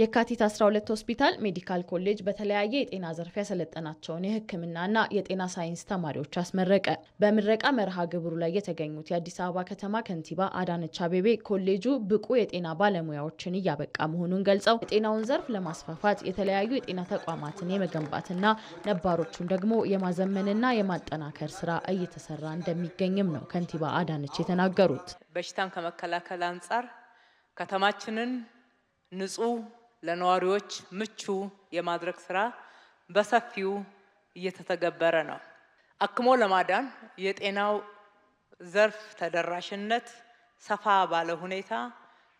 የካቲት 12 ሆስፒታል ሜዲካል ኮሌጅ በተለያየ የጤና ዘርፍ ያሰለጠናቸውን የሕክምናና የጤና ሳይንስ ተማሪዎች አስመረቀ። በምረቃ መርሃ ግብሩ ላይ የተገኙት የአዲስ አበባ ከተማ ከንቲባ አዳነች አቤቤ ኮሌጁ ብቁ የጤና ባለሙያዎችን እያበቃ መሆኑን ገልጸው የጤናውን ዘርፍ ለማስፋፋት የተለያዩ የጤና ተቋማትን የመገንባትና ነባሮቹን ደግሞ የማዘመንና የማጠናከር ስራ እየተሰራ እንደሚገኝም ነው ከንቲባ አዳነች የተናገሩት። በሽታን ከመከላከል አንጻር ከተማችንን ንጹህ ለነዋሪዎች ምቹ የማድረግ ስራ በሰፊው እየተተገበረ ነው። አክሞ ለማዳን የጤናው ዘርፍ ተደራሽነት ሰፋ ባለ ሁኔታ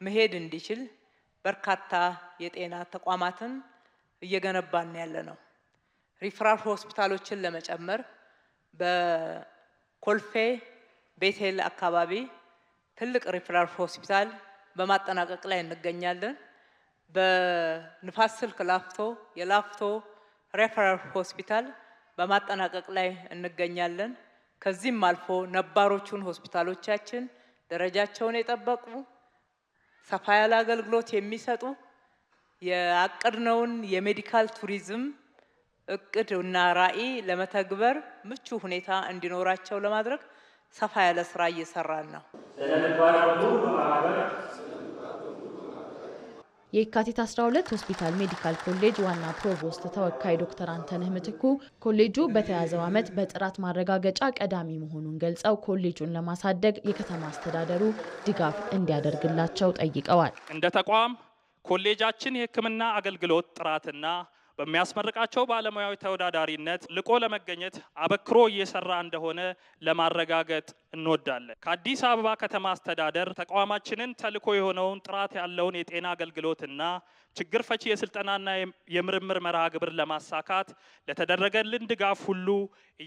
መሄድ እንዲችል በርካታ የጤና ተቋማትን እየገነባን ያለ ነው። ሪፍራሽ ሆስፒታሎችን ለመጨመር በኮልፌ ቤቴል አካባቢ ትልቅ ሪፍራሽ ሆስፒታል በማጠናቀቅ ላይ እንገኛለን። በንፋስ ስልክ ላፍቶ የላፍቶ ሬፈራል ሆስፒታል በማጠናቀቅ ላይ እንገኛለን። ከዚህም አልፎ ነባሮቹን ሆስፒታሎቻችን ደረጃቸውን የጠበቁ ሰፋ ያለ አገልግሎት የሚሰጡ የአቅድነውን የሜዲካል ቱሪዝም እቅድ እና ራዕይ ለመተግበር ምቹ ሁኔታ እንዲኖራቸው ለማድረግ ሰፋ ያለ ስራ እየሰራን ነው። የካቲት 12 ሆስፒታል ሜዲካል ኮሌጅ ዋና ፕሮቮስት ተወካይ ዶክተር አንተነህ ምትኩ ኮሌጁ በተያዘው ዓመት በጥራት ማረጋገጫ ቀዳሚ መሆኑን ገልጸው ኮሌጁን ለማሳደግ የከተማ አስተዳደሩ ድጋፍ እንዲያደርግላቸው ጠይቀዋል። እንደ ተቋም ኮሌጃችን የሕክምና አገልግሎት ጥራትና በሚያስመርቃቸው ባለሙያዊ ተወዳዳሪነት ልቆ ለመገኘት አበክሮ እየሰራ እንደሆነ ለማረጋገጥ እንወዳለን። ከአዲስ አበባ ከተማ አስተዳደር ተቋማችንን ተልዕኮ የሆነውን ጥራት ያለውን የጤና አገልግሎትና ችግር ፈቺ የስልጠናና የምርምር መርሃ ግብር ለማሳካት ለተደረገልን ድጋፍ ሁሉ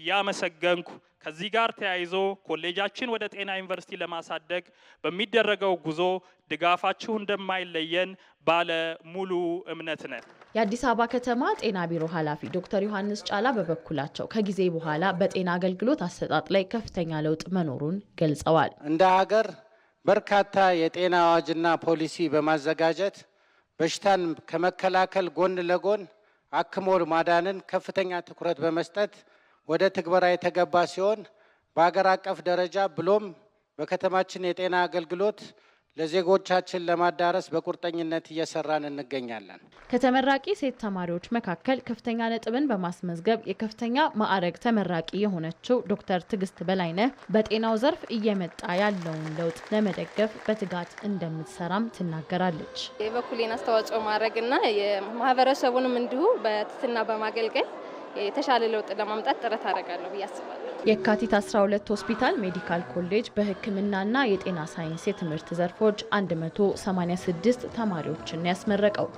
እያመሰገንኩ ከዚህ ጋር ተያይዞ ኮሌጃችን ወደ ጤና ዩኒቨርሲቲ ለማሳደግ በሚደረገው ጉዞ ድጋፋችሁ እንደማይለየን ባለ ሙሉ እምነት ነን። የአዲስ አበባ ከተማ ጤና ቢሮ ኃላፊ ዶክተር ዮሐንስ ጫላ በበኩላቸው ከጊዜ በኋላ በጤና አገልግሎት አሰጣጥ ላይ ከፍተኛ ለውጥ መኖሩን ገልጸዋል። እንደ ሀገር በርካታ የጤና አዋጅና ፖሊሲ በማዘጋጀት በሽታን ከመከላከል ጎን ለጎን አክሞ ማዳንን ከፍተኛ ትኩረት በመስጠት ወደ ትግበራ የተገባ ሲሆን በሀገር አቀፍ ደረጃ ብሎም በከተማችን የጤና አገልግሎት ለዜጎቻችን ለማዳረስ በቁርጠኝነት እየሰራን እንገኛለን። ከተመራቂ ሴት ተማሪዎች መካከል ከፍተኛ ነጥብን በማስመዝገብ የከፍተኛ ማዕረግ ተመራቂ የሆነችው ዶክተር ትዕግስት በላይነህ በጤናው ዘርፍ እየመጣ ያለውን ለውጥ ለመደገፍ በትጋት እንደምትሰራም ትናገራለች። የበኩሌን አስተዋጽኦ ማድረግና የማህበረሰቡንም እንዲሁ በትትና በማገልገል የተሻለ ለውጥ ለማምጣት ጥረት አደርጋለሁ ብዬ አስባለሁ። የካቲት 12 ሆስፒታል ሜዲካል ኮሌጅ በሕክምናና የጤና ሳይንስ የትምህርት ዘርፎች 186 ተማሪዎችን ያስመረቀው